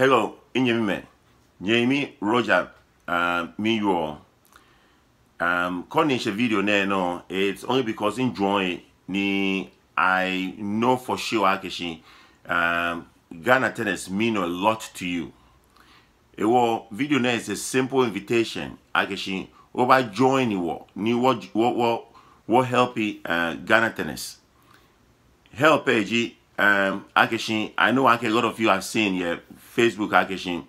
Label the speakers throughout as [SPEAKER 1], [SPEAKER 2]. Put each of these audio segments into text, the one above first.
[SPEAKER 1] Hello, Inyemime, Jamie Roger, um, me you all. Um, calling this video now, no, it's only because in drawing, ni I know for sure, Akeshi, um, Ghana tennis mean a lot to you. It was video now is a simple invitation, Akeshi, over join you ni what what what what help uh, Ghana tennis. Help, Eji, um, Akeshi, I know Ake, a lot of you have seen yeah. Facebook Hackation,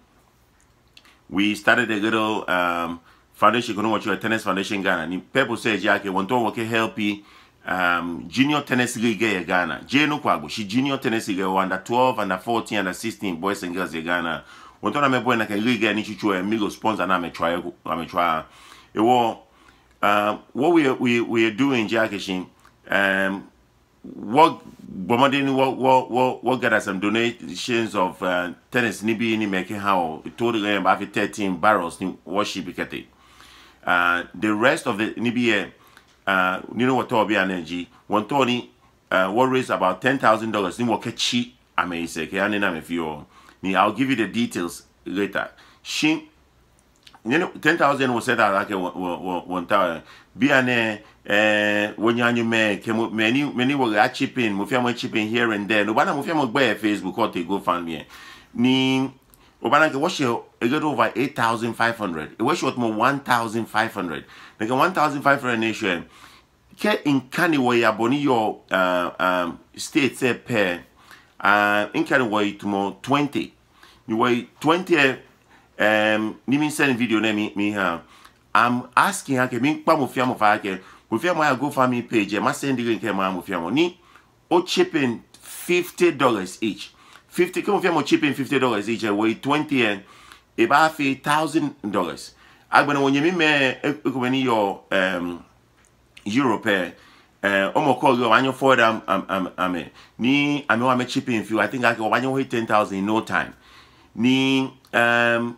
[SPEAKER 1] we started a little um, foundation you know what kunawachiwa tennis foundation in ghana ni pepo seji yake wantu wake helpi um, junior tennis league in ghana Jenu kwago she junior tennis league under 12 under 14 under 16 boys and girls in ghana Want to know wantu na mebo na league ya ni chuchu ya migo sponsor na ametwa ametwa ewo um, what we, we, we are doing Jackie, um, what Bomadi what what what what gather some donations of uh, tennis ni bi ni making how total um, after 13 barrels ni worship kete. Uh the rest of the eh, uh, ni bi uh you know what to be energy one tony uh raise about ten thousand dollars ni what catchy I mean say ke ani na me fi I'll give you the details later. Shin nyene 10000 wosɛta ake wɔnta bia ne eh, eh wonya nyume ke many many were a chipping mo fiamo chipping here and there no bana mo fiamo gbe eh, facebook or te go fan me eh. ni obana ke wash e get over 8500 e wash what mo 1500 like 1500 nation ke in kani wo ya boni yo uh, um state se pe uh in kani wo itmo 20 ni wo 20 n'ime send video na eme ikpe ihe ahụ am asking ha kebe mkpa mofia mofa ake mofia mo ya go family page masị ndị gị nke ma mofia mo ni o chipping 50 dollars each 50 ke mofia mo chipping 50 dollars each eh, we 20 yen e ba fi 1000 dollars agbana wonye mi me ekumeni yo um europe eh, eh omo call yo wanyo forward am am am eh. ni ami wa me chipping few i think i can wanyo 10000 in no time ni um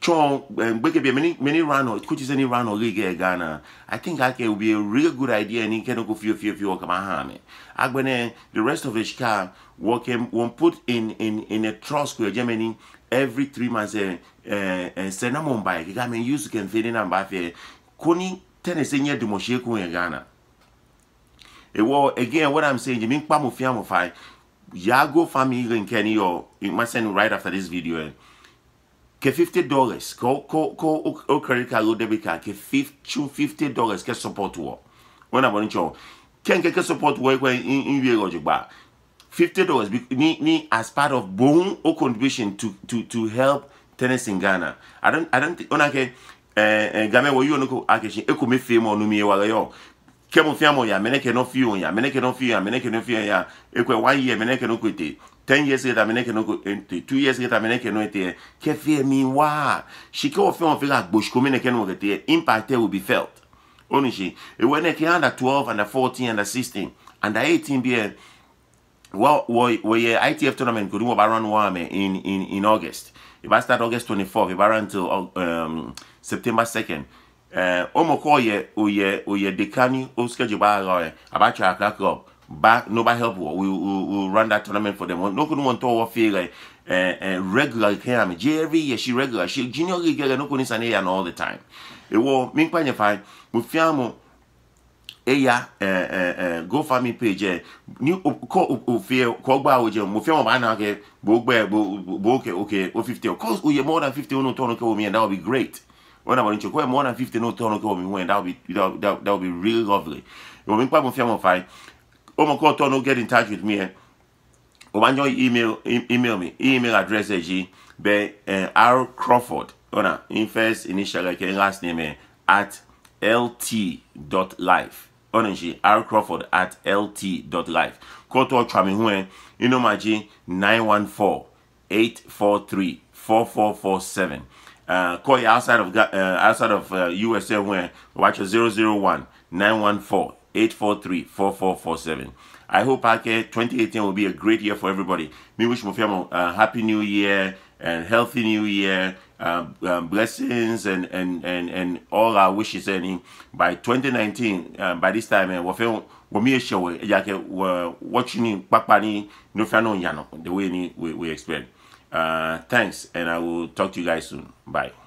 [SPEAKER 1] chọn um, many mini mini rano kuti sani rano ri kɛ ghana i think ake will be a real good idea ni kɛnɛ few, few fio fio kama ha I agbɛnɛ the rest of eshika wɔkɛ wɔn put in in in a trust kuyɛ germany every three months ɛ ɛ ɛ sɛnɛmɔ ba yɛ kika mɛ use kɛnfɛ ne na ba fɛ koni tɛnɛ se nyɛ dumɔsie kun yɛ ghana eh, well again what i'm saying jimi nkpa mo fi amofa yago family in ni yɔ it must send right after this video. Eh ke fifty dollars ko ko ko o credit card o debit card ke 50 fifty dollars ke support wɔ wɔn na bɔ ne kyɛw kɛnkɛ ke support wɔ ekɔ in wie ɔdze gba 50 dollars ni ni as part of bohun o contribution to to to help tennis in ghana i don't i don't ɔna kɛ ɛɛ Eh. gamɛ wɔ yiwɔ ne ko akɛse eko me fie mu ɔnu mi yɛ wa yɔ kɛmu fia mu ya mɛnɛ kɛ n'ofi yɛ ya mɛnɛ kɛ n'ofi yɛ ya mɛnɛ kɛ n'ofi yɛ ya wa one year mɛnɛ kɛ n'okwete ten years later mine keno go ente two years later mine keno ente ye ke fie mi wa shike wo fɛn o fɛ ka gbosiko mine keno wo kete ye impact will be felt oni si ewe ne ke under twelve under fourteen under sixteen under eighteen bi ye wɔ wɔ wɔyɛ ITF tournament ko ni wɔ ba run one mɛ in in in August e ba start August twenty four e ba run till um, September second ɛɛ uh, eh, ɔmɔ kɔ yɛ oyɛ oyɛ dekani o schedule ba ara yɛ a ba tɛ a ka club back nobody help we we we run that tournament for them no kun want to wafira eh regular kiyam every year she regular she junior league no kun sane ya all the time e wo min pa nyefa mo fiamu eya eh eh go page New ko ofie ko gba oje mo fiamu ba na ke bo gba bo okay okay Fifty. 50 of course we more than fifty no turn ko me and that would be great when to go more than fifty no turn ko me when that would be that would be really lovely o min pa mo fine Omokoto no get in touch with me. Eh? Obanjo email e-, email me. Email address e is Be by uh, eh, R Crawford. Ona in first initial like last name At eh, at lt.life. Ona ji R Crawford at lt dot lt.life. Koto chami huen ino maji 914 843 4447. Uh, call you eh, outside of uh, outside of uh, USA when watch 001 914 843-4447. I hope Ake 2018 will be a great year for everybody. Me wish Mofiamo a uh, happy new year and healthy new year, um, um, blessings and, and, and, and all our wishes. And by 2019, um, by this time, and wòmí wish you ẹ̀yà kẹ wọ̀ wọ́ọ̀tì the way we, we expect. Uh, thanks and I will talk to you guys soon. Bye.